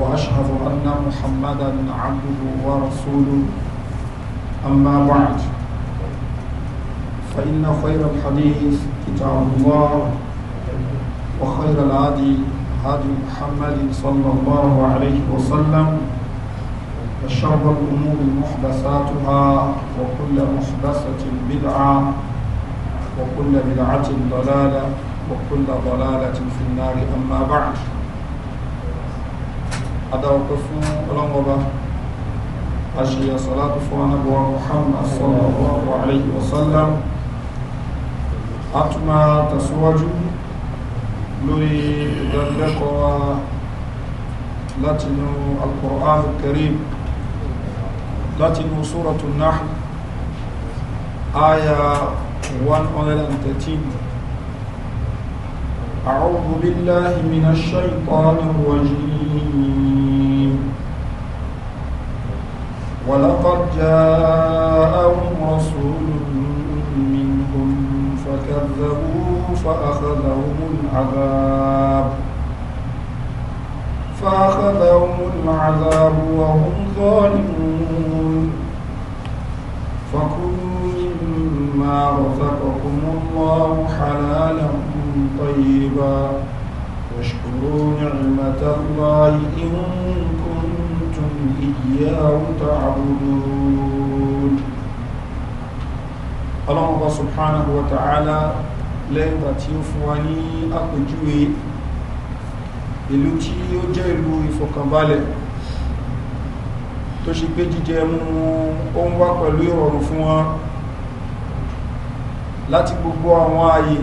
وأشهد أن محمدا عبده ورسوله أما بعد فإن خير الحديث كتاب الله وخير الهادي هادي محمد صلى الله عليه وسلم وشر الأمور محدثاتها وكل محدثة بدعة وكل بدعة ضلالة وكل ضلالة في النار أما بعد adarapẹ fún ọlọ́mọba aṣèyà sọ́látù fún anábọ̀wá muhammad sallallahu alayhi wa sallam a tún máa tẹ̀síwájú lórí ìdánilẹ́kọ̀ọ́ wa látinú alkur'an karim látinú sóràtún náà aya 113 أعوذ بالله من الشيطان الرجيم ولقد جاءهم رسول منهم فكذبوه فأخذهم العذاب فأخذهم العذاب وهم ظالمون فكلوا مما رزقكم الله حلالا طيبا واشكروا نعمة الله إن كنتم إياه تعبدون الله سبحانه وتعالى lẹ́yìn ìgbà tí ó fún wa ní àpèjúwe ìlú tí ó jẹ́ ìlú ìfọ̀kànbalẹ̀ tó ṣe pé jíjẹ mú ó ń wá pẹ̀lú ìrọ̀rùn fún wọn láti gbogbo àwọn ààyè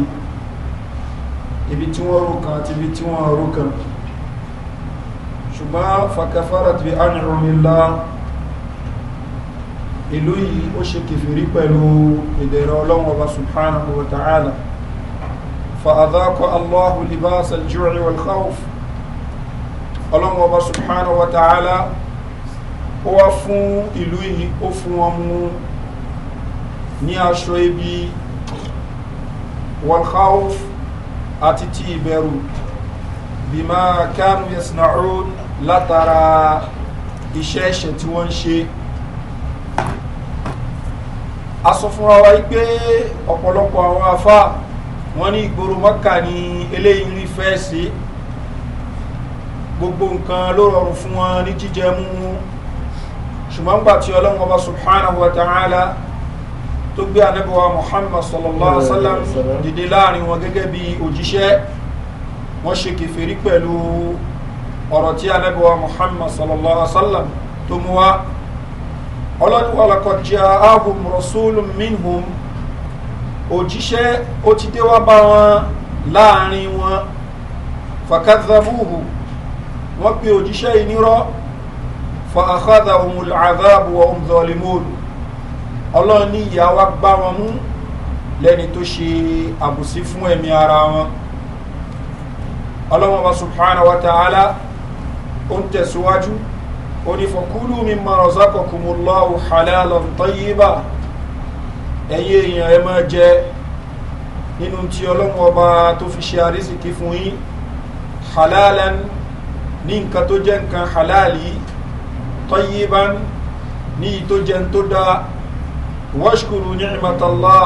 ibi tí wọ́n rò kan àti ibi tí wọ́n rò kan ṣùgbọ́n fàkàfàrà ti ánìrùnmílá ìlú yìí ó ṣe kèfèrí pẹ̀lú ìdẹ̀rẹ̀ ọlọ́wọ́ bá subhanahu wa ta'ala fa'adákọ̀ allahu libasa jùrì wal khawf ọlọ́wọ́ bá subhanahu wa ta'ala ó wá fún ìlú yìí ó fún wọn mú ní aṣọ ibi wal khawf àti ti ìbẹ̀rù bímá kánú yasnaun látara iṣẹ́ ẹ̀ṣẹ̀ tí wọ́n ń ṣe a sọ fúnra wa yìí pé ọ̀pọ̀lọpọ̀ àwọn afá wọn ní ìgboro mọ́kà ní eléyìí rí fẹ́ sí gbogbo nǹkan ló rọrùn fún wọn ní jíjẹ mú ṣùgbọ́n gbà ọlọ́run ọba subhanahu wa ta'ala. ala tó gbé anábọ̀wá muhammad sallallahu alaihi wa sallam dìde láàrin wọn gẹ́gẹ́ bí òjíṣẹ́ wọ́n ṣe kẹfẹ́rí pẹ̀lú ọ̀rọ̀ tí anábọ̀wá muhammad sallallahu alaihi wa sallam tó mú wá ọlọ́dúnwà lọ́kọ̀já ahùn rọ̀súlùm minhum òjíṣẹ́ ó ti dé wá bá wọn láàrin wọn fàkàtàbùhù wọ́n pe òjíṣẹ́ ìnírọ́ fa àkádà òmùlẹ̀ àdáàbò ọ̀hún zọlímọ́ọ̀lù ọlọ́run ní ìyá wa gbá wọn mú lẹ́ni tó ṣe àbùsí fún ẹ̀mí ara wọn ọlọ́run wa subhanahu wa ta'ala ó ń tẹ̀síwájú ó ní fọkúlù mi mọ̀ràn zákọ̀kùmùláwù halalan tayyiba ẹ̀yẹ èèyàn ẹ máa jẹ nínú tí ọlọ́run ọba tó fi ṣe àrísìkí fún yín halalan ní nǹkan tó jẹ́ nǹkan halali tayyiban ní ìtó tó dáa wọ́ṣkùrù ní ìmọ̀tàlá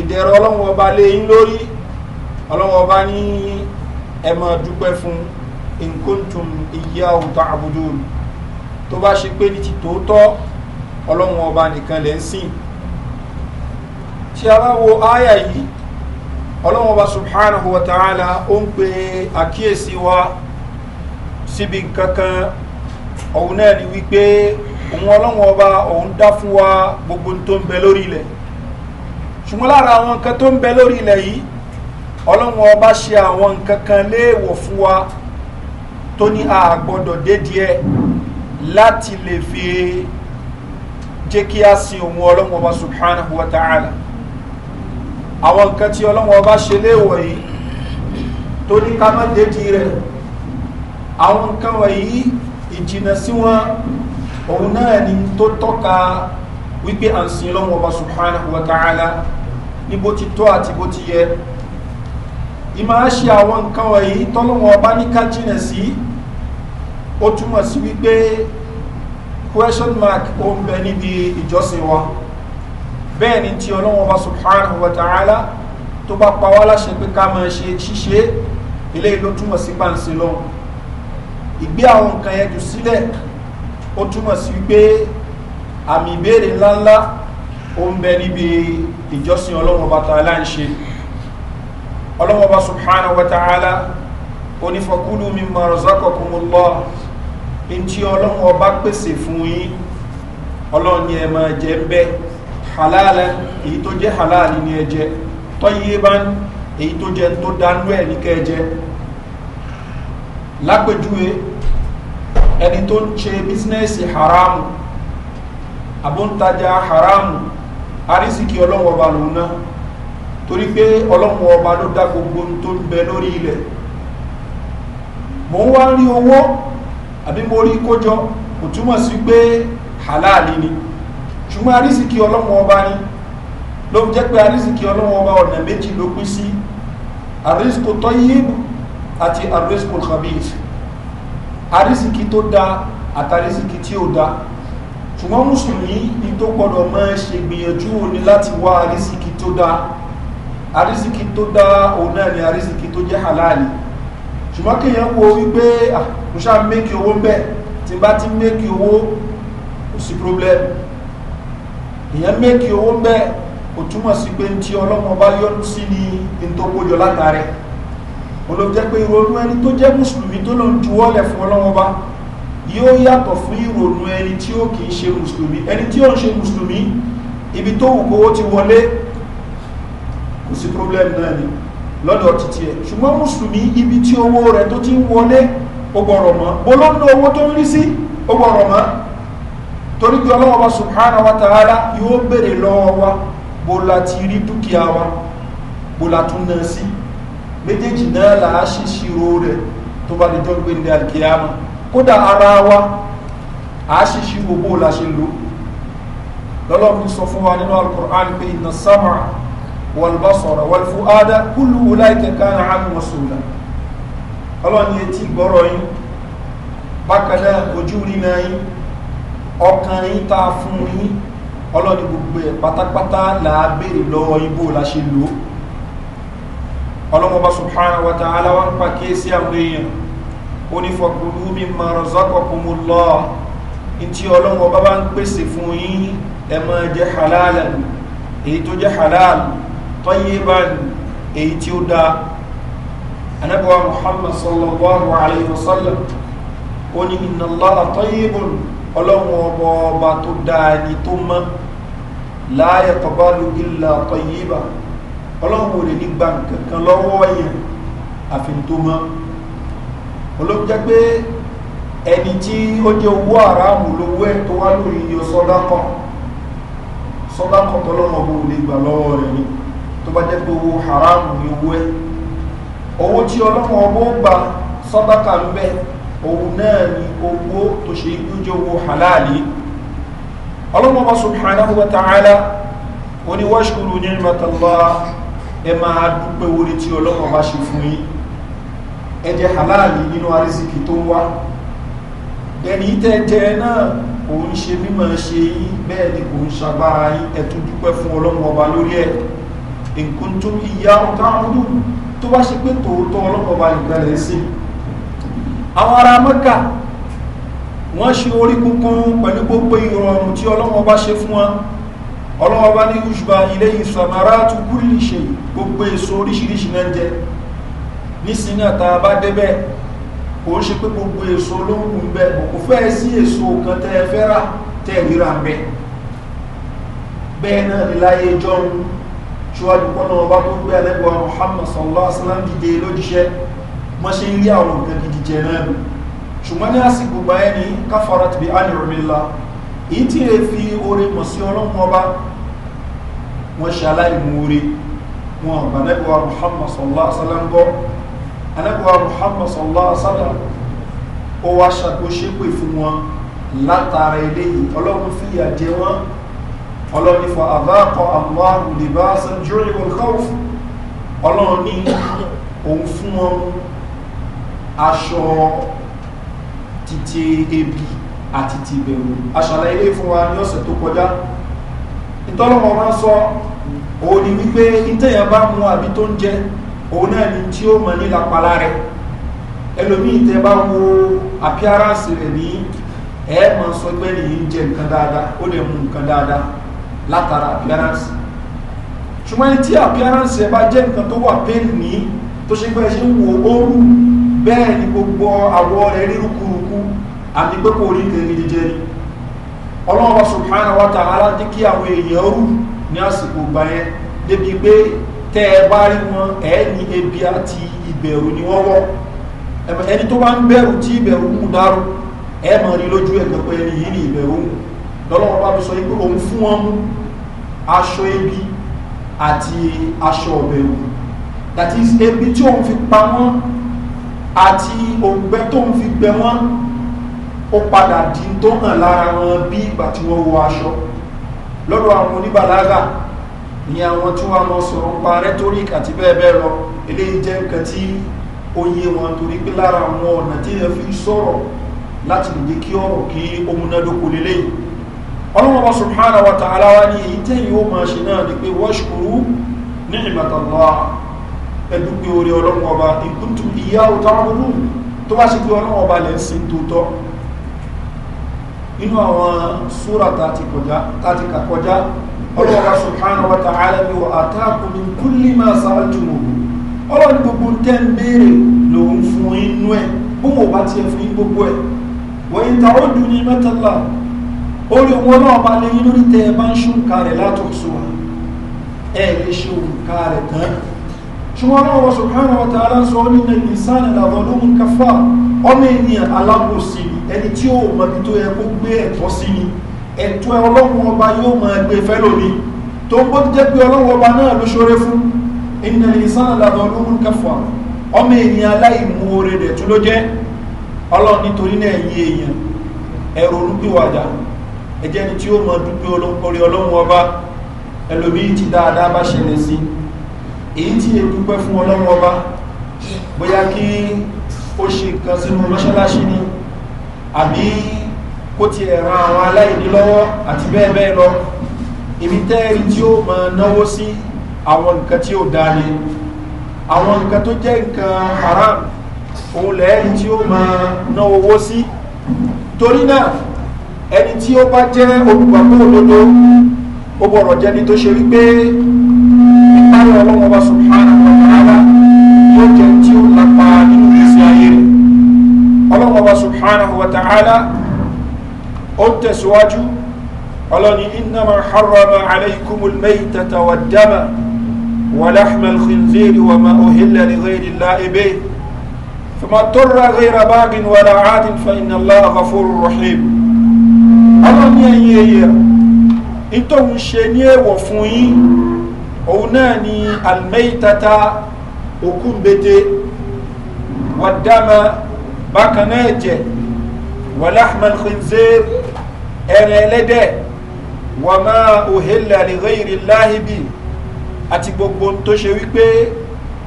ìdẹ̀rọ ọlọ́wọ́n ọba lé yín lórí ọlọ́wọ́n ọba ní ẹ máa dúpẹ́ fún nkuntum ìyá òǹtà àbúdó tó bá ṣe pé ní ti tòótọ́ ọlọ́wọ́n ọba nìkan lẹ́ ń sìn ṣe aláwo áyà yìí ọlọ́wọ́n ọba subhanahu wa ta'ala ó ń pe àkíyèsí wa síbi kankan ọ̀hún náà ni wípé òun ọlọ́wọ́n ọba òun dá fún wa gbogbo tó ń bẹ lórí ilẹ̀ ṣùgbọ́n lára àwọn nǹkan tó ń bẹ lórí ilẹ̀ yìí ọlọ́wọ́n ọba ṣe àwọn nǹkan kan léèwọ̀ fún wa tó ní a gbọ́dọ̀ láti lè fi jẹ́ kí a sin òun ọlọ́wọ́n ọba subhanahu wa ta'ala àwọn nǹkan tí ọlọ́wọ́n ọba ṣe léèwọ̀ yìí tó ní ká má dédìí rẹ̀ àwọn nǹkan wọ̀nyí ìjìnà sí wọn òun náà ni tó tọ́ka wípé à ń sin lọ́wọ́ ọba subhanahu wa ta'ala ní bó ti tọ́ àti bó ti yẹ ìmọ̀ á ṣe àwọn nǹkan wọ̀nyí tọ́lọ́wọ́ ọba ní ká jìnà sí ó túmọ̀ sí wípé question mark ó ń bẹ níbi ìjọsìn wa bẹ́ẹ̀ ni tí ọlọ́wọ́ ọba subhanahu wa ta'ala tó bá pa wá láṣẹ pé ká máa ṣe ṣíṣe eléyìí ló túmọ̀ sí pàǹsí lọ́wọ́ ìgbé àwọn nǹkan yẹn jù sílẹ̀ ó túmọ̀ sí pé àmì ìbéèrè ńláńlá ó ń bẹ níbi ìjọsìn ọlọ́run bàtà aláǹṣe ọlọ́run bá subhanahu wa ta'ala onífọkúlù mi máa rọ̀zákọ̀kùnmù lọ in tí ọlọ́run ọba pèsè fún yín ọlọ́run ni ẹ máa jẹ ń bẹ́ halal èyí tó jẹ́ halal ni ẹ tọ́yé bá èyí tó jẹ tó dánú ẹ̀ ní kẹ́ jẹ ẹni tó ń ṣe bísínẹ́sì haramu àbóǹtajà haramu arísìkí ọlọ́wọ́ ọba lòun náà torí pé ọlọ́wọ́ ọba ló dá gbogbo ohun tó ń bẹ lórí ilẹ̀ mò ń wá rí owó àbí mo rí kójọ kò túmọ̀ sí pé halali ni ṣùgbọ́n arísìkí ọlọ́wọ́ ọba ni ló jẹ́ pé arísìkí ọlọ́wọ́ ọba ọ̀nà méjì ló pín sí arísìkò tọ́yìnbù àti arísìkò khabith arísìkí tó da àtàrísìkí tí ó da ṣùgbọ́n mùsùlùmí ni tó gbọ́dọ̀ máa ṣe gbìyànjú òní láti wá arísìkí tó da arísìkí tó da òun náà ni arísìkí tó jẹ́ halali ṣùgbọ́n kéèyàn wo wípé mo ṣáà mékì owó ń bẹ̀ tí bá ti mékì owó kò sí problem èèyàn mékì owó ń bẹ̀ kò túmọ̀ sí pé ní tí ọlọ́mọba yọ́nú sí ni ní tó kójọ látàrí wọn ló jẹ́ pé ìrònú ẹni tó jẹ́ mùsùlùmí tó lọ juwọ́lẹ̀ fún ọlọ́wọ́ bá yóò yàtọ̀ fún ìrònú ẹni tí ó kìí ṣe mùsùlùmí ẹni tí ó ń ṣe mùsùlùmí ibi tó wù kówó ti wọlé kò sí problem náà ni lọ́dọ̀ títí ẹ̀ ṣùgbọ́n mùsùlùmí ibi tí owó rẹ̀ tó ti ń wọlé ó gbọ́rọ̀ mọ́ bolóńdó owó tó ń rí sí ó gbọ́rọ̀ mọ́ torí pé ọlọ́wọ́ bá subhanahu wa ta'ala yóò wa bó la ti rí dúkìá méjèèjì náà là á ṣìṣirò rẹ̀ tó bá lè jọ́ gbé ní alkiyama kódà ara wa à á ṣìṣirò bó la ṣe lò lọ́lọ́run sọ fún wa nínú alukur'an pé iná sámà wàlbásọ̀rọ̀ wàlfúádá kúlù láìkẹ̀kẹ́ náà á mú wọn sùn ọlọ́ni etí gbọ́rọ̀ yín bákanná ojú rína yín ọkàn yín tá a fún yín ọlọ́ni gbogbo ẹ̀ pátápátá là á béèrè lọ́wọ́ yín bó la ṣe lò ọlọ́mọba subhanahu wa ta'ala wa ń pa kéésì àwọn èèyàn ó ní fọkùnlú mi máa rọ̀zọ́kọ̀ kún mu lọ ntí ọlọ́mọba bá ń pèsè fún yín ẹ máa jẹ́ halal èyí tó jẹ́ halal tayyiban èyí tí ó dáa anabawa muhammad sallallahu alayhi wa sallam ó ní iná lọ́la tayyibun ọlọ́mọba ọba tó ni tó mọ́ láyé kọ́bálù ilà tayyiban ọlọ́run ò lè ní gba nǹkan kan lọ́wọ́ yẹn àfihàn tó mọ́ olóògùn jẹ́ pé ẹni tí ó jẹ́ owó àràmù lówó ẹ̀ tó wá lórí iye sọ́dákọ̀ sọ́dákọ̀ tọ́lọ́run ọ̀bọ̀ ò lè gbà lọ́wọ́ rẹ̀ ni tó bá jẹ́ pé owó àràmù ni owó ẹ̀ owó tí ọlọ́run ọ̀bọ̀ gba sọ́dákà ń bẹ́ òun náà ni owó tó ṣe ibi jẹ́ owó halali ọlọ́run ọba subhanahu wa ta'ala oníwáṣukuru ní ìmọ̀tàlá ẹ máa dúpẹ́ orí tí ọlọ́wọ́n bá ṣe fún yín ẹ jẹ halali nínú arísìkì tó ń wá ẹni tẹ́jẹ náà kò ń ṣe mímọ̀ ṣe yín bẹ́ẹ̀ ni kò ń ṣagbára yín ẹ̀tún dúpẹ́ fún ọlọ́wọ́n ọba lórí ẹ̀ nǹkan tó ìyá ọ̀tá ọdún tó bá ṣe pé tòótọ́ ọlọ́wọ́n ọba nìkan rẹ̀ sí àwọn ará mẹ́kà wọ́n ṣe orí kúnkún pẹ̀lú gbogbo ìrọ̀rùn tí ọlọ́wọ́n ọba ṣe fún wọn ọlọ́wọ́ bá ní ushba ilé ìsàmáràtú kúlì ṣe gbogbo èso oríṣiríṣi náà jẹ nísìnyí àtà bá débẹ̀ kò ń ṣe pé gbogbo èso ló ń kún bẹ kò fẹ́ sí èso kan tẹ́ ẹ fẹ́ rà tẹ́ ẹ ríra ń bẹ bẹ́ẹ̀ náà ni láyé jọ́run ṣíwájú pọ́nà ọba tó gbé alẹ́gbọ́ muhammad sallallahu alaihi dìde lójíṣẹ́ wọ́n ṣe ń rí àwọn nǹkan gidi jẹ náà ṣùgbọ́n ní àsìkò gbà ẹni káfàrà tìbí ánìrìnlá èyí tí lè fi oore mọ̀ sí ọlọ́run ọba wọ́n ṣe aláìmoore wọn ọ̀gbà anábíwá muhammad sallallahu alaihi wasallam gbọ́ anábíwá muhammad sallallahu alaihi wasallam ó wá ṣàkóṣe pé fún wọn látara eléyìí ọlọ́run fìyà jẹ wọn ọlọ́run ní àmúhàrù lè bá ebi àti ti ìbẹ̀rù aṣàlàyé ilé fún wa ní ọ̀sẹ̀ tó kọjá ìtọ́lọ́mọ máa sọ òun ni wípé ìtẹ̀yàn bá mu àbí tó ń jẹ òun náà ni tí ó mọ̀ nílà pala rẹ̀ ẹlòmíì tẹ bá wo appearance rẹ̀ ní ẹ mọ̀ sọ pé nìyí ń jẹ nǹkan dáadáa ó lè mu nǹkan dáadáa látara appearance ṣùgbọ́n tí appearance ẹ bá jẹ́ nǹkan tó wà pain ní tó ṣe pé ẹ ṣe ń wo ooru bẹ́ẹ̀ ni gbogbo àwọ̀ rẹ̀ rírúkurukú àmì pé kò rí nǹkan gidi jẹ ọlọ́run wa subhanahu wa ta'ala dé kí àwọn èèyàn rù ní àsìkò gbà yẹn débi pé tẹ́ ẹ bá rí wọn ẹ ní ebi àti ìbẹ̀rù ni wọ́n wọ́ ẹni tó bá ń bẹ̀rù tí ìbẹ̀rù ń dárò ẹ mọ̀ rí lójú ẹ̀ pé ẹni yìí ni ìbẹ̀rù ń lọ́lọ́run bá fi sọ pé òun fún wọn mú aṣọ ebi àti aṣọ ọ̀bẹ̀rù that is ebi tí òun fi pa wọ́n àti òǹgbẹ tó ń fi gbẹ wọ́n ó padà di tó hàn lára wọn bí ìgbà tí wọ́n wọ aṣọ lọ́dọ̀ àwọn oníbàlágà ní àwọn tí wọ́n lọ sọ̀rọ̀ ń pa rhetoric àti bẹ́ẹ̀ bẹ́ẹ̀ lọ eléyìí jẹ́ nǹkan tí ó yé wọn torí pé lára àwọn ọ̀nà tí yẹn fi sọ̀rọ̀ láti lè kí ọ̀rọ̀ kí ó múnádóko lélẹ́yìn ọlọ́wọ́n bá subhanahu wa ta'ala wa ní èyí tẹ́yìn ó máa ṣe náà ni pé wọ́ṣkúrú ní ìmọ̀tàlá ẹdúgbé orí ọlọ́wọ́n ọba ìkúntù ìyá òtá ọdún tó bá ṣe pé ọlọ́wọ́n ọba lẹ́sìn tó tọ́ inú àwọn súra tàti kàkọjá ọlọ́wọ́ subhanahu wa ta'ala ni wà àtàkùn ní kúlì máa sáájúmù ọlọ́run gbogbo tẹ́ ń béèrè lòun fún inú ẹ̀ bó wọ́n bá ti ẹ̀ fún gbogbo ẹ̀ wọ́n ta ó dùn ní mẹ́tàlá orí wọn náà bá lè lórí tẹ́ ẹ bá ń ṣùnkà rẹ̀ látọ̀sọ ẹ lè ṣùnkà rẹ̀ tán ṣùgbọ́n ọlọ́wọ́ subhanahu wa ta'ala sọ ní nàìjíríà sánà ẹni tí ó mọbi tó yẹ kó gbé ẹ̀tọ́ sí ni ẹ̀tọ́ ọlọ́run ọba yóò mọ ẹgbẹ́ e fẹ́ lómi tó ń bó jẹ́ pé ọlọ́run ọba náà ló ṣoore fún iná ìsánà làdọ̀ ọlọ́run kẹfà ọmọ ènìyàn aláìmoore rẹ̀ tó ló jẹ́ ọlọ́run nítorí náà yí èèyàn ẹ̀rọ orúkúwàjà ẹ̀jẹ̀ ni tí ó mọ dúpẹ́ orí ọlọ́run ọba ẹlòmíì ti dáadáa bá ṣẹlẹ̀ sí èyí tí lè dúpẹ́ fún ọlọ́run ọba bóyá kí ó ṣe nǹkan sínú mọ́ṣáláṣí ni àbí kó tiẹ̀ ran àwọn aláìní lọ́wọ́ àti bẹ́ẹ̀ bẹ́ẹ̀ lọ ibi tẹ́ẹ̀rí tí ó máa náwó sí àwọn nǹkan tí ó dáa ni àwọn nǹkan tó jẹ́ nǹkan haram òun lẹ́ẹ̀rí tí ó máa náwó owó sí torí náà ẹni tí ó bá jẹ́ olùgbàgbọ́ òdodo ó bọ̀rọ̀ jẹ́ni tó ṣe wípé ìpáyọ̀ ọlọ́wọ́ sùn hàn ọlọ́mọba subhanahu wa ta'ala ó tẹ̀síwájú ọlọ́ni innama harama alaykumul maytata wa dama wa lahmal khinziri wa ma uhilla li ghayri llahi bih fama torra ghayra bagin wa la'adin fa inna allaha ghafurur rahim ọlọ́ni ẹ̀yin ẹ̀yẹ ìtòhun ṣe ní èèwọ̀ fún yín òun náà ni almaytata òkú mbete wa bákan náà ẹ̀jẹ̀ wàláhàmà khinzir ẹ̀rẹ̀ ẹlẹ́dẹ̀ wàmà òhèlà li ghayri llahi bi àti gbogbo tó ṣe wípé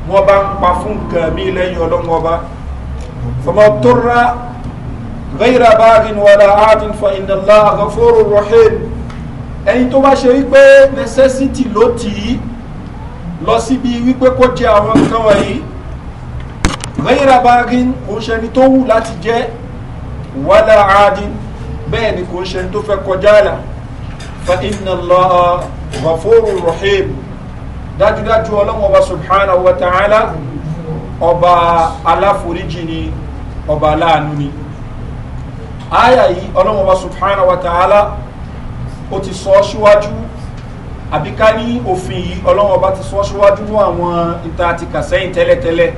wọ́n bá ń pa fún nǹkan mi lẹ́yìn ọlọ́run ọba fọmọ tó rà ghayra báàgin wàlà àádín fa inna allaha ghafurur rahim ẹni tó bá ṣe wípé necessity ló tì í lọ síbi wípé kó jẹ àwọn nǹkan wọ̀nyí gbẹ́yìnrà báàgín kò ń ṣẹni tó wù láti jẹ́ wàlá àádín bẹ́ẹ̀ ni kò ń ṣẹni tó fẹ́ kọjá àlà fa iná lọ ọ̀gáfóró rahim dájúdájú ọlọ́run ọba subhana wa ta'ala ọba aláforíjì ni ọba aláàánú ni àyà yìí ọlọ́run ọba subhana wa ta'ala ó ti sọ síwájú àbíká ní òfin yìí ọlọ́run ọba ti sọ síwájú àwọn ìta àti kàsẹ́yìn tẹ́lẹ̀tẹ́lẹ̀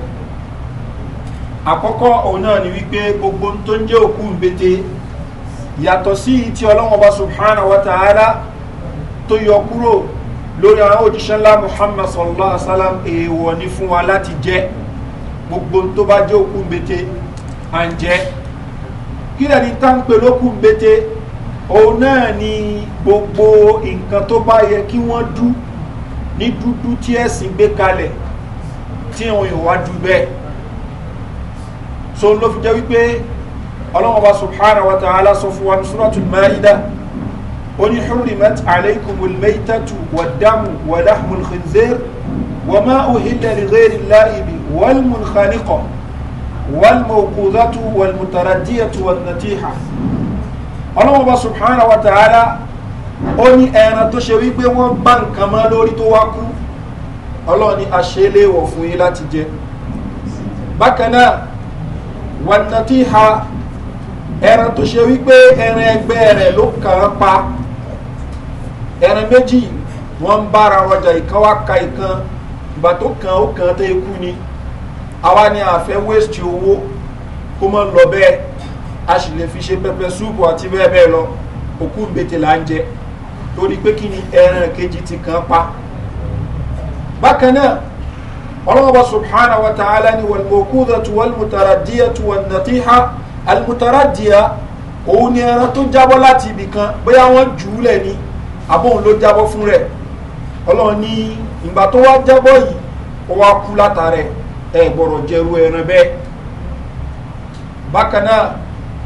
àkọ́kọ́ òun náà ni wípé gbogbo tó ń jẹ́ òkú ńbete yàtọ̀ sí ti ọlọ́wọ́n ọba subhanahu wa ta'ala tó yọ kúrò lórí àwọn òjíṣẹ́ ńlá muhammad sallallahu alaihi wasallam sallam èèwọ̀ ni fún wa láti jẹ́ gbogbo tó bá jẹ́ òkú ńbete à ń jẹ́ kí lẹ́ni tá ń pè lókù ńbete òun náà ni gbogbo nǹkan tó bá yẹ kí wọ́n dú ní dúdú tí ẹ̀sìn gbé kalẹ̀ tí òun ìwà dú bẹ́ẹ̀ so ló fi jẹ́ wípé ọlọ́wọ́n bá subhanahu wa ta'ala sọ fún wa ní suratul maida ó ní hurrimat alaykumul maytatu wad-damu wa lahmul khinzir wa ma uhilla li ghayri llahi bi wal munkhaniqa wal mawqudatu wal mutaraddiyatu wan natiha ọlọ́wọ́n subhanahu wa ta'ala ó ní ẹran tó ṣe wípé wọ́n bá nǹkan mọ́ lórí tó wá kú ọlọ́run ni fún yín láti jẹ bákan náà wàtàtíha ẹran tó ṣe wípé ẹran ẹgbẹ́ rẹ̀ ló kàn án pa ẹran méjì wọ́n ń bára ọjà ìkan wá ka ìkan ìgbà tó kan ó kan tó ikú ni àwa ni àfẹ́ wéṣítì owó kó mọ́ lọ bẹ́ẹ̀ a sì lè fi ṣe pẹpẹ súùpù àti bẹ́ẹ̀ bẹ́ẹ̀ lọ òkú gbètè là ń jẹ torí pé kí ni ẹran kejì ti kan pa bákan náà ọlọ́mọba subhana wa ta'ala ni walmokuda tu walmutaradiya tu walnatiha almutaradiya òun ni ẹran tó jábọ́ láti ibì kan bóyá wọ́n jù ú lẹ̀ ni àbóhun ló jábọ́ fún rẹ̀ ọlọ́run ní ìgbà tó wá jábọ́ yìí ó wá kú látàrẹ̀ ẹ gbọ́dọ̀ jẹ́rú ẹran bẹ́ẹ̀ bákan náà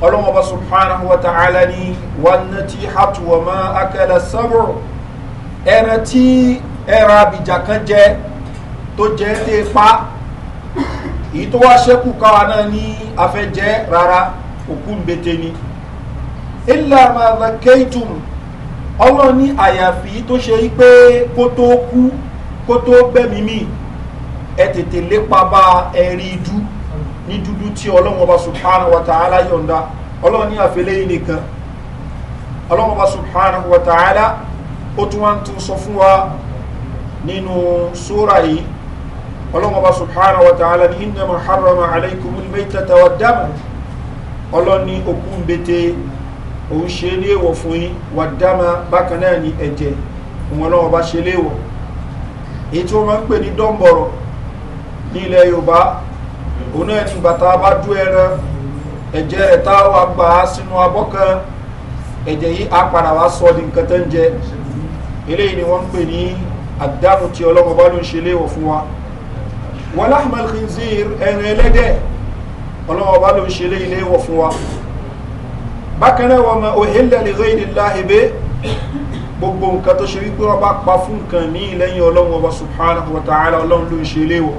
ọlọ́mọba subhana wa ta'ala ni walnatiha tu wa ma akala sábọ̀ ẹran tí ẹran abìjà kan jẹ́ tó jẹ́ tẹ́ pa èyí tó wá ṣẹ́kù káwa náà ní afẹ́jẹ́ rárá òkú ń bete ni ilà màdà kéìtùm ọlọ́run ní àyàfi tó ṣe yí pé kó tó kú kó tó bẹ́mi mì ẹ tètè lépa bá ẹ rí dú ní dúdú tí ọlọ́run ọba subhanahu wa ta'ala yọ̀ǹda ọlọ́run ní àfẹlẹ́ yìí nìkan ọlọ́run ọba subhanahu wa ta'ala ó tún wá ń tún sọ fún wa nínú sóra yìí ọlọ́run ọba subhana wa ta'ala ní innama harama alaykum albaytata wa dama ọlọ́run ní okú ń bete òun ṣe léèwọ̀ fún yín wa dama bákan náà ní ẹ̀jẹ̀ òun ọlọ́run ọba ṣe léèwọ̀ èyí tí wọ́n máa ń pè ní dọ́ǹbọ̀rọ̀ ní ilẹ̀ yorùbá òun náà ní bàtà di nǹkan tó ń ni wọ́n ń pè ní àdánù tí ọlọ́run ọba ló ń ṣe wọ́n láhùmọ́lù khinzir ẹran ẹlẹ́dẹ̀ ọlọ́wọ́ bá ló ń ṣe léyìn léwọ̀ fún wa bákan náà wọ́n mọ òhèlè lè rẹ́ ìdílé láhìbé gbogbo nǹkan tó ṣe wípé wọ́n bá pa fún nǹkan ní ìlẹ́yìn ọlọ́run ọba subhanahu wa ta'ala ọlọ́run ló ń ṣe léwọ̀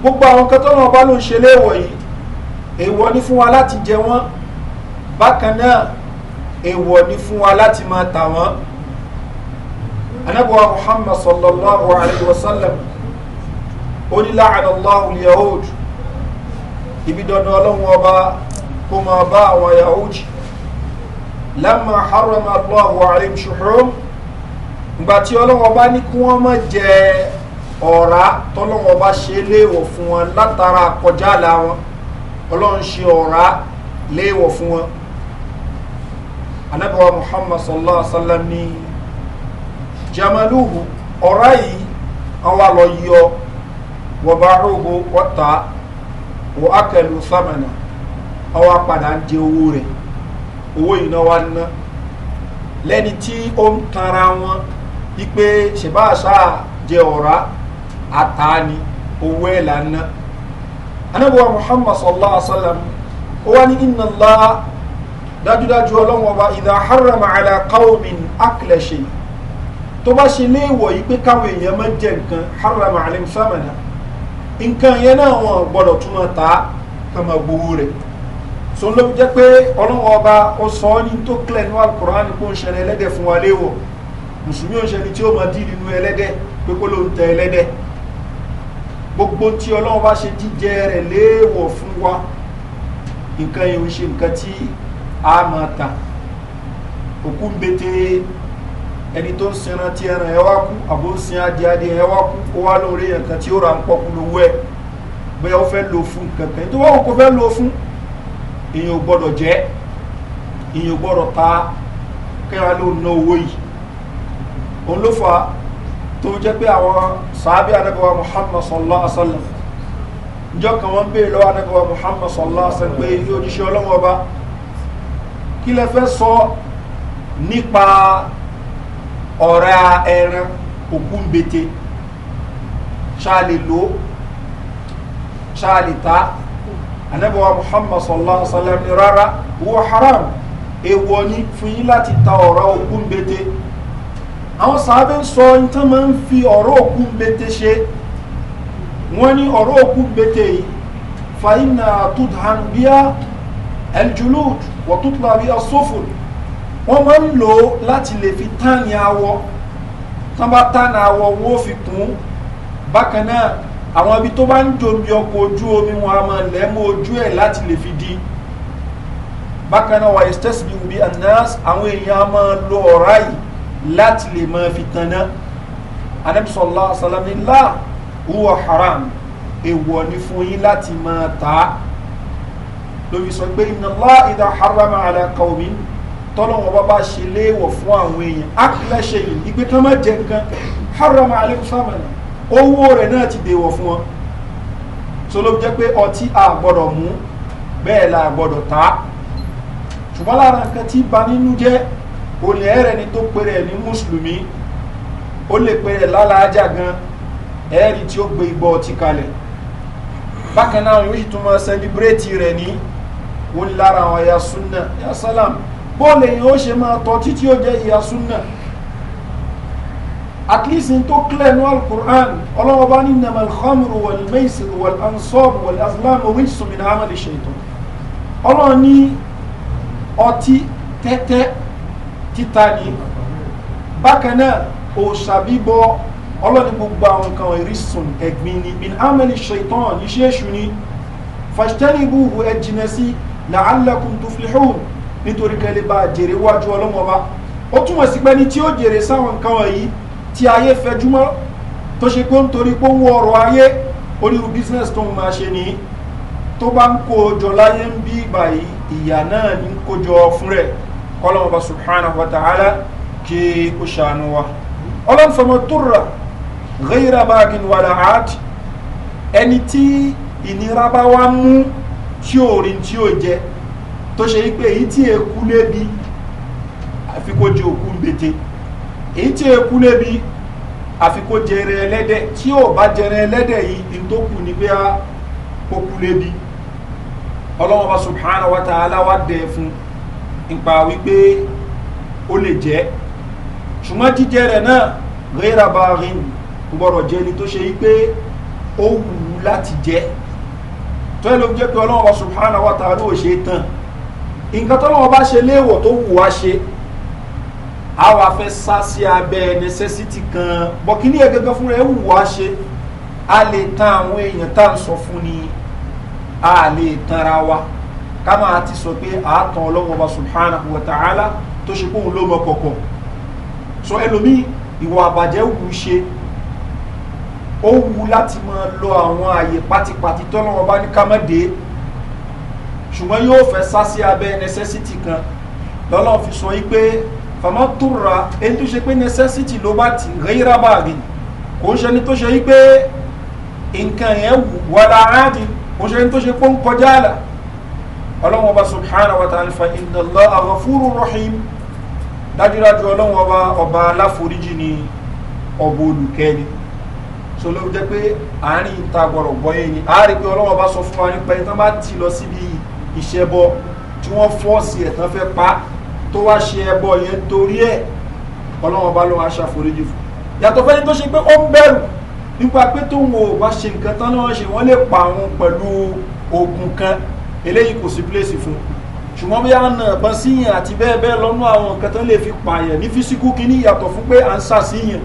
gbogbo àwọn nǹkan tó náà bá ló ń ṣe léwọ̀ yìí èèwọ̀ ni fún wa láti jẹ wọ́n bákan náà èèwọ̀ fún wa láti máa tà wọ́n anábọ̀wá muhammad sallallahu alayhi wa sallam onílà àdàláhùn yahood ibi dandan ọlọ́run ọba kó máa bá àwọn yahood lámà harama allahu alim ṣùgbọ́n ìgbà tí ọlọ́run ọba ní kí wọ́n má jẹ ọ̀rá tọ́lọ́run ọba ṣe léèwọ̀ fún wọn látara kọjá àlà wọn ọlọ́run ṣe ọ̀rá léèwọ̀ fún wọn anabiwa muhammad sallallahu alaihi wa sallam ni jamaluhu ọ̀rá yìí àwọn àlọ́ yọ وباعوه وطع وأكلوا ثمنه أو أقعد عن جووره owó iná wa ná lẹ́ni tí ó ń tanra wọn wípé ṣèbáàṣá jẹ ọ̀rá àtàní owó ẹ̀ là ń ná anábọ̀ muhammad sallallahu alaihi wa sallam ó wá ní iná ńlá dájúdájú ọlọ́wọ́n ọba ìdá haram ala qawmin akilẹ̀ṣe tó bá ṣe léèwọ̀ yìí pé káwọn èèyàn máa jẹ nǹkan haram alim samana nǹkan yẹn náà wọn gbọ́dọ̀ tún ta ká máa gbowó rẹ̀ so ló jẹ́ pé ọlọ́run ọba ó sọ ọ́ ní tó clear ní alukoran kó ń ṣẹlẹ̀ ẹlẹ́dẹ̀ fún wa léwọ̀ mùsùlùmí ò ń ṣẹni tí ó máa dí nínú ẹlẹ́dẹ̀ pé kó ló ń tẹ ẹlẹ́dẹ̀ gbogbo tí ọlọ́run bá ṣe jíjẹ rẹ̀ léèwọ̀ fún wa nǹkan yìí ń ṣe nǹkan tí a máa ta òkú ń bete ẹni tó ń sinra tí ẹran ẹ wá kú àbó ń sin adìẹ adìẹ ẹ wá kú ó wá lórí nǹkan tí ó ra ń pọkú lówó ẹ bóyá ó fẹ́ lo fún nǹkan kan tó wá wò kó fẹ́ lo fún èèyàn ò gbọ́dọ̀ jẹ́ èèyàn ò gbọ́dọ̀ ta kẹ́ra ló ná owó yìí òun ló fa tó jẹ́ pé àwọn sàábì anábẹ́wà muhammad sallallahu alaihi wa sallam njọ́ kan wọ́n ń béèrè lọ́wọ́ anábẹ́wà muhammad sallallahu alaihi wa sallam pé ilé ọlọ́wọ́ ọba kí lẹ fẹ́ sọ nípa ọ̀rá ẹran ògúnbete ṣáàlè lò ṣáàlè ta anábọ̀wá muhammad sallallahu alaihi wa sallam ni rárá wọ́n haram èèwọ̀ ni fún yín láti ta ọ̀rá ògúnbete àwọn sàábẹ́ ń sọ ìtàn máa ń fi ọ̀rọ̀ ògúnbete ṣe wọ́n ní ọ̀rọ̀ ògúnbete yìí fa iná tudhan bíi aljulud wọ́n tutla bíi asófòlù wọ́n máa ń lò ó láti lè fi tánì awọ tán bá tánì awọ wọn ó fi kún bákan náà àwọn ibi tó bá ń jòbi ọkọ̀ ojú omi wọn a máa lẹ́ mọ́ ojú ẹ̀ láti lè fi di bákan náà wàyí stress bí wùbí anas àwọn èèyàn a máa lo ọ̀rá yìí láti lè máa fi tanná anabisọ̀lá salamilá huwa haram èèwọ̀ ni fún yín láti máa ta lórí sọ pé iná lá ìdá haram àlàkà omi tọ́lọ́wọ́n bá bá ṣe léèwọ̀ fún àwọn èèyàn akílẹ̀ ṣe yìí ìgbé kan má jẹ nǹkan haram aleikum samana owó rẹ̀ náà ti dèwọ̀ fún wọn so ló jẹ́ pé ọtí a gbọ́dọ̀ mú bẹ́ẹ̀ la gbọ́dọ̀ ta ṣùgbọ́n lára nǹkan tí ba nínú jẹ́ olè ẹ̀rẹ̀ ni tó pèrè ní mùsùlùmí ó lè pèrè lálàájá gan ẹ̀rí tí ó gbé igbó ọtí kalẹ̀ bákan náà yóò sì tún máa sẹlibrétì rẹ̀ ní wọn lára àwọn ẹ̀yà súnà ẹ̀yà sálàmù bóòlù èyàn ó ṣe máa tọ́ títí ó jẹ́ ìyá súnà at least n tó clear ní alukur'an ọlọ́wọ́ bá ní namal khamru wal maisir wal ansob wal azlam rijsun min amali shaitan ọlọ́wọ́ ní ọtí tẹ́tẹ́ títa ní bákan náà òòṣà bíbọ ọlọ́ni gbogbo àwọn nǹkan ìrísùn ẹ̀gbin ni min amali shaitan ní ṣéṣù ni fashtanibuhu ẹ jìnà sí la'allakum tuflihun nítorí kan lè ba jèrè wájú ọlọ́mọba ó túmọ̀ sí pé ní tí ó jèrè sáwọn nǹkan wọ̀nyí tí ayé fẹjúmọ́ tó ṣe pé ń torí pé ń wọ ọrọ̀ ayé onírú business tó ń máa ṣe nìyí tó bá ń kó jọ láyé ń bí báyìí ìyà náà ní kó jọ fún rẹ̀ kọ́lọ́mọba subhanahu wa ta'ala kí ó ṣàánú wa ọlọ́nfọmọ tó rà gẹ́yìrà báàgìn wàdà áàtì ẹni tí ìnira bá wá mú tí ò rí tí ò jẹ tó ṣe wípé èyí tí eku lébi àfikójẹ òkú gbète èyí tí eku lébi àfikójẹ eré ẹlẹ́dẹ̀ tí ò bá jẹrẹ ẹlẹ́dẹ̀ yìí ní tó kù ní pé ó kú lébi ọlọ́wọ́n bá subhanahu wa ta'ala wá dẹ̀ fún nípa wípé ó lè jẹ́ ṣùgbọ́n jíjẹ rẹ̀ náà rírà bá rí gbọ́dọ̀ jẹ́ ni tó ṣe wípé ó wù ú láti jẹ́ tó ẹ̀ ló jẹ́ pé ọlọ́wọ́n bá subhanahu wa ta'ala ó ṣe tán nǹkan tọ́lọ́wọ́ bá ṣe léèwọ̀ tó wù wá ṣe a wà fẹ́ sá sí abẹ́ necessity kan bọ̀kíní ẹ̀gẹ́gẹ́ fúnra ẹ̀ wù wá ṣe a lè tan àwọn èèyàn tá à ń sọ fún ni a lè tanra wa ká máa ti sọ pé a tan ọlọ́wọ́ ọba subhanahu wa ta'ala tó ṣe kóhun ló mọ kọ̀kọ̀ sọ ẹlòmíì ìwà àbàjẹ́ wù ú ṣe ó wù láti máa lo àwọn àyè pátípátí tọ́lọ́wọ́ bá ní ká má dé ṣùgbọ́n yóò fẹ́ sá sí abẹ́ necessity kan lọ́lọ́run fi sọ yí pé fàmọ́ tó ra èyí tó ṣe pé necessity ló bá ti rírà báàgì kò ń ṣe ni tó ṣe yí pé nǹkan yẹn wàdà áàdì kò ń ṣe ni tó ṣe pé ń kọjá àlà ọlọ́run ọba subhanahu wa ta'ala fa ìdàlọ́ àgọ́fúrú rọ́hìm dájúdájú ọlọ́run ọba ọba aláforíjì ni ọba olùkẹ́ni so jẹ́ pé àárín ìta gbọ̀rọ̀ gbọ́yé ni àárín pé ọlọ́run ọba sọ fún wa nípa ẹni tó bá ti lọ síbi yìí ìṣẹbọ tí wọ́n fọ́ọ̀sì ẹ̀ tán fẹ́ pa tó wá ṣe ẹbọ yẹn torí ẹ̀ ọlọ́wọ́n bá ló wá ṣàforíjì fún yàtọ̀ fẹ́ni tó ṣe pé ó ń bẹ̀rù nípa pé tó ń wo bá ṣe nǹkan tán náà ṣe wọ́n lè pa àwọn pẹ̀lú oògùn kan eléyìí kò sí pílẹ̀sì fún ṣùgbọ́n bí àwọn ọ̀bọ̀n síyàn àti bẹ́ẹ̀ bẹ́ẹ̀ lọ́nà àwọn nǹkan tán lè fi pààyàn ní físíkù kínní yàtọ̀ fún pé à ń sàṣìyàn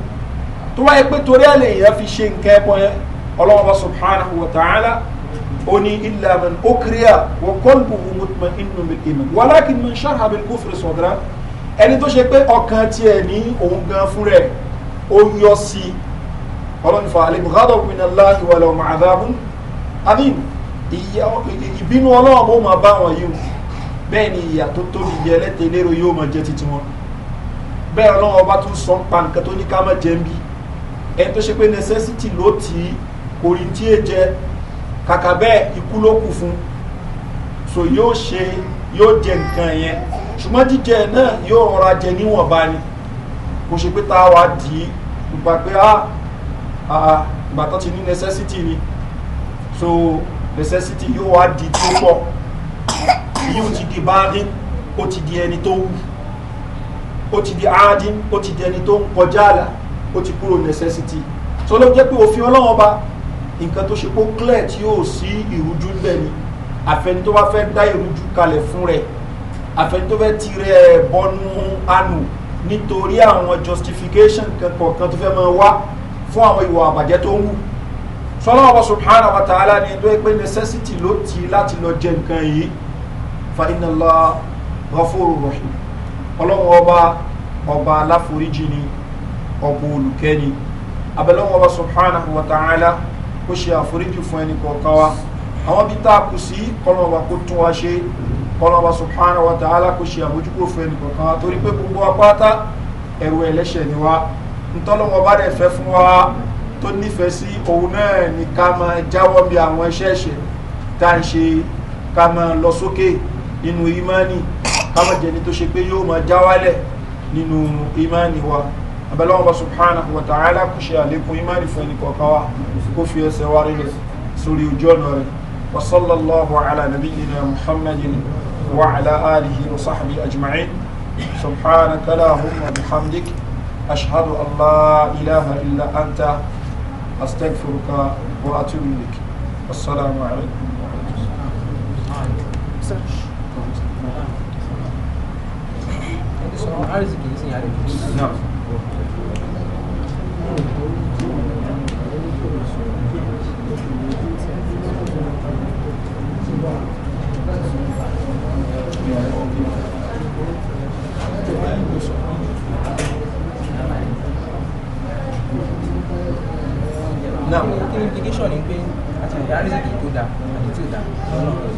tó wáyé pé torí ẹ̀ yẹn fi ṣe nǹkan ẹ̀pọ̀ yẹn ọlọ́wọ́n bá subhanahu wa ta'ala ó ní ilà man okria wọ kọ́lbù mutma inú mi ìmọ̀ wàlákin man ṣáà mi kú fèrè sọ̀dọ̀rà ẹni tó ṣe pé ọkàn tiẹ̀ ní òun gan fún rẹ̀ ó yọ sí i ọlọ́run fa àlẹ́ bùkátà òpin alá ìwàlẹ̀ ọmọ àdáàbùn amin ìbínú ọlọ́run ó máa bá wọn yìí bẹ́ẹ̀ ni ìyà tó tóbi yẹ ẹlẹ́tẹ̀ẹ́ lérò yóò máa jẹ́ titi wọn bẹ́ẹ̀ ọlọ́run ọba tún sọ ń pa nǹkan tó ní ká má jẹ́ ń bí ẹni tó ṣe pé necessity ló tì kò rí tí è jẹ́ kàkà bẹ́ẹ̀ ikú ló kù fún so yóò ṣe yóò jẹ nǹkan yẹn ṣùgbọ́n jíjẹ náà yóò rọra jẹ níwọ̀nba ni kò ṣe pé tá a wá dì í nípa pé a ìgbà tó ti ní necessity ni so necessity yóò wá di tó pọ̀ yóò ti di báadín ó ti di ẹni tó wù ó ti di aádín ó ti di ẹni tó ń kọjá àlà ó ti kúrò necessity so ló jẹ́ pé òfin ọlọ́wọ́n ba nǹkan tó ṣe kó clear tí yóò sí ìrújú ń bẹ̀ ni àfẹni tó bá fẹ́ dá ìrújú kalẹ̀ fún rẹ̀ àfẹni tó fẹ́ tirẹ̀ bọ́nú àánú nítorí àwọn justification kọ̀ọ̀kan tó fẹ́ máa wá fún àwọn ìwà àbàjẹ́ tó ń wù sọlá ọba subhana wa ta'ala ni tó pé necessity ló ti láti lọ jẹ nǹkan yìí fa iná lọ rọfóró rọhìn ọlọ́run ọba ọba aláforíjì ni ọba olùkẹ́ni abẹ́lẹ́wọ̀n ọba subhana wa ta'ala kó ṣe àforíjì fún ẹnì kọ̀ọ̀kan wa àwọn bí tá a kù sí kọlọ́ọ̀bà kó tún wa ṣe kọlọ́ọ̀bà sùpánà wa tààlà kó ṣe àbójúkò fún ẹnì kọ̀ọ̀kan wa torí pé gbogbo apáta ẹ̀rù ẹlẹ́ṣẹ̀ ni wa ntọ́lọ́wọ́ bá dẹ̀ fẹ́ fún wa tó nífẹ̀ẹ́ sí òun náà ni ká máa jáwọ́ bí àwọn iṣẹ́ ẹ̀ṣẹ̀ tá à ń ṣe ká máa lọ sókè nínú ìmánì ká máa jẹ́ni tó ṣe pé yóò máa jáwálẹ̀ nínú ìmánì wa abẹ́lẹ́wọ̀n bá subhanahu wa ta'ala kò ṣe àlékún ìmánì fún ẹnì kọ̀ọ̀kan wa كفية سواري سوري جونر وصلى الله على نبينا محمد وعلى آله وصحبه أجمعين سبحانك اللهم وبحمدك أشهد أن لا إله إلا أنت أستغفرك وأتوب إليك السلام عليكم عارض الجنسي now kí ni implication ni pé àti ìdarí sí kìí tó dáa àti tí ò dáa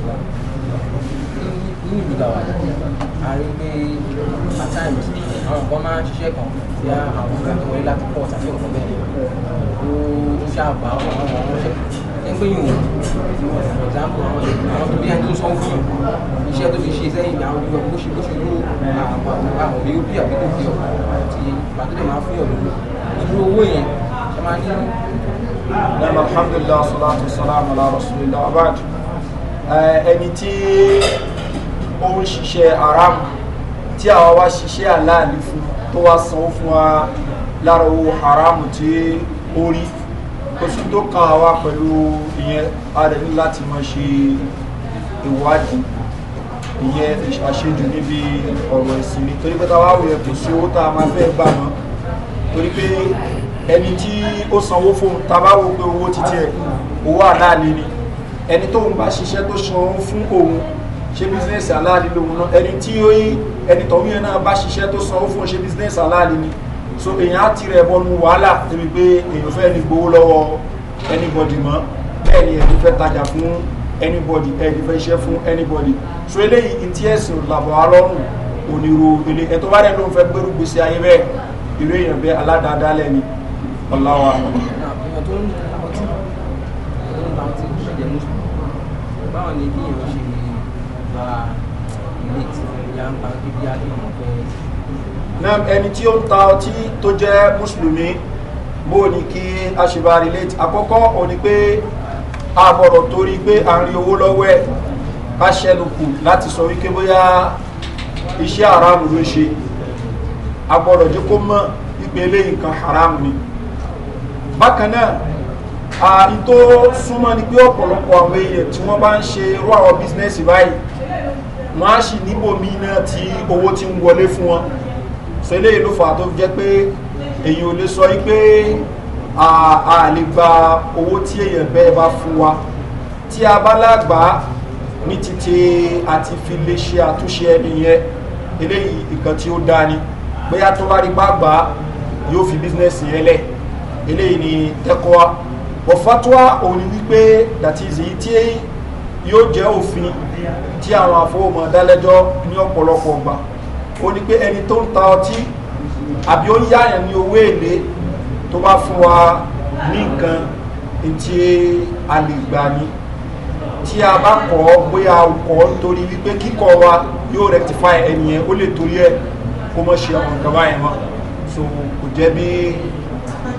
lọ́nà ọ̀gbọ̀n ní ìlú làwà a rí pé at times àwọn nǹkan máa ń ṣiṣẹ́ kan tí àwọn ìgbà tó wọlé láti pọ̀ tàbí nǹkan bẹ́ẹ̀ ni ó ń ṣàbà àwọn ọmọ ọmọ ṣẹ́kù ẹgbẹ́ yìí for example àwọn àwọn tó bí ẹni tó sọ fún yìí iṣẹ́ tó fi ṣe sẹ́yìn àwọn ìgbà bó ṣe bó ṣe ló àwọn àwọn òbí bí àbí kò fi ọ̀ àti ìgbàdúrà máa fún yọ̀ lórí irú owó yẹn ṣe máa ní. Nam alhamdulilah salatu salam ala rasulillah abad ẹni tí ó ń ṣiṣẹ́ aram tí àwa wá ṣiṣẹ́ aláàlú fún tó wá sanwó fún wa lára owó haram tí ó rí oṣù tó kan àwa pẹ̀lú ìyẹn ààrẹ ní láti máa ṣe ìwádìí ìyẹn àṣejù níbi ọ̀rọ̀ ẹ̀sìn ni torí pé táwa wòye kò sí owó tá a máa fẹ́ gbà mọ́ torí pé ẹni tí ó sanwó fóun táwa wò pé owó títí ẹ̀ owó àdáàlì ni ẹni tóun bá ṣiṣẹ́ tó sanwó fún òun ṣe bísíǹsì aláàlì lòun náà ẹni tí ó yí ẹni tọ̀hún yẹn náà bá ṣiṣẹ́ tó sanwó fún ṣe bísíǹsì aláàlì ni so èèyàn á tirẹ̀ bọ́nu wàhálà débi pé èèyàn fẹ́ ní gbowó lọ́wọ́ anybody mọ́ bẹ́ẹ̀ ni ẹ̀dùn fẹ́ tajà fún anybody ẹ̀dùn fẹ́ ṣiṣẹ́ fún anybody so eléyìí ti ẹ̀sìn làbọ̀ alọ́run onírú ilé ẹ̀ tó bá dẹ̀ ló ń fẹ́ gbérú gbèsè ayé bẹ́ẹ̀ irú èèyàn bẹ́ẹ̀ aládàáda lẹ́ni ọ̀làwà. báwo ni bí èèyàn ṣe lè gba ilé ìtura ìyá bíbí àdéhùn náà ẹni tí ó ń ta ọtí tó jẹ́ mùsùlùmí bó ni kí a ṣe bá relate àkọ́kọ́ ò ní pé a torí pé à ń rí owó lọ́wọ́ ẹ̀ ká ṣẹlùkù láti sọ wípé bóyá iṣẹ́ haramu ló ṣe a gbọ́dọ̀ jẹ́ kó mọ̀ wípé eléyìí nǹkan haramu ni bákan náà ààrin tó súnmọ́ ni pé ọ̀pọ̀lọpọ̀ àwọn èèyàn tí wọ́n bá ń ṣe irú àwọn bísínẹ́sì báyìí wọ́n á sì níbòmí náà tí owó ti ń wọlé fún wọn sẹ́lẹ̀ ìlú fà tó jẹ́ pé èyí ò lè sọ yí pé a lè gba owó tí èèyàn bẹ́ẹ̀ bá fún wa tí a bá lágbà ní títí àti fi lè ṣe àtúnṣe ẹni yẹn eléyìí nǹkan tí ó dá ni bóyá tó bá rí gbàgbà yóò fi bísínẹ́sì yẹn lẹ̀ eléyìí ni tẹ́kọ̀ọ́ ọ̀fátúwà òun ni wípé that is tí yóò jẹ́ òfin tí àwọn àfọwọ́mọ̀ dálẹ́jọ́ ní ọ̀pọ̀lọpọ̀ gbà ó ní pé ẹni tó ń ta ọtí àbí ó ń yáyàn ní owó èlé tó bá fún wa ní nǹkan tí a lè gbà ni tí a bá kọ́ bóyá o kọ́ nítorí wípé kíkọ́ wa yóò rectify ẹni yẹn ó lè torí ẹ kó mọ̀ ṣe àwọn nǹkan báyẹn mọ́ so kò jẹ́ bí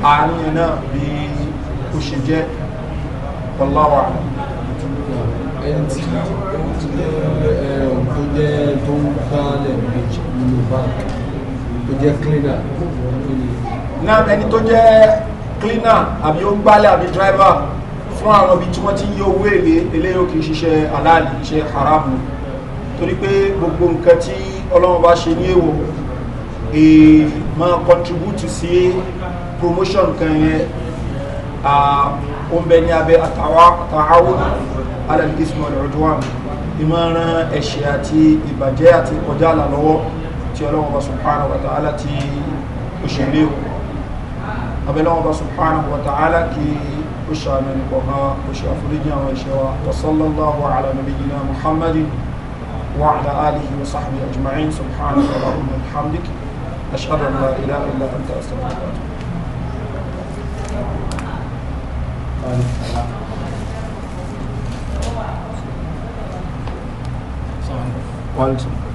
àárín yẹn náà bí ó ṣe jẹ́ ọláwà. ẹni tí ó jẹ́ tó ń dálẹ̀ bíi bank tó jẹ́ cleaner. náà ẹni tó jẹ́ cleaner àbí ó ń gbálẹ̀ àbí driver fún àwọn ibi tí wọ́n ti ń yí owó èlé eléyìí ò kì í ṣiṣẹ́ aláàlì iṣẹ́ haramu torí pé gbogbo nǹkan tí ọlọ́run bá ṣe ní èèwọ̀ máa contribute sí promotion kan yẹn ó ń bẹ ní abẹ́ àtàwọn alẹ́ gísmọ̀ ọ̀dọ́wà ìmọ̀ràn ẹ̀ṣẹ̀ àti ìbàjẹ́ àti kọjá àlà lọ́wọ́. tí ọlọ́wọ́n bá subhanahu wa ta'ala ti òṣèlé o abẹ́lọ́wọ́n bá subhanahu wa ta'ala kí ó ṣàmì nìkọ̀ọ̀kan ó ṣe àforíjì àwọn ìṣẹ́ wa wa sallallahu ala nabiyina muhammadin wa ala alihi wa sahbihi ajma'in subhanahu wa ta'ala alhamdik ashhadu an la ilaha illa anta astaghfiruka wa atubu وعليكم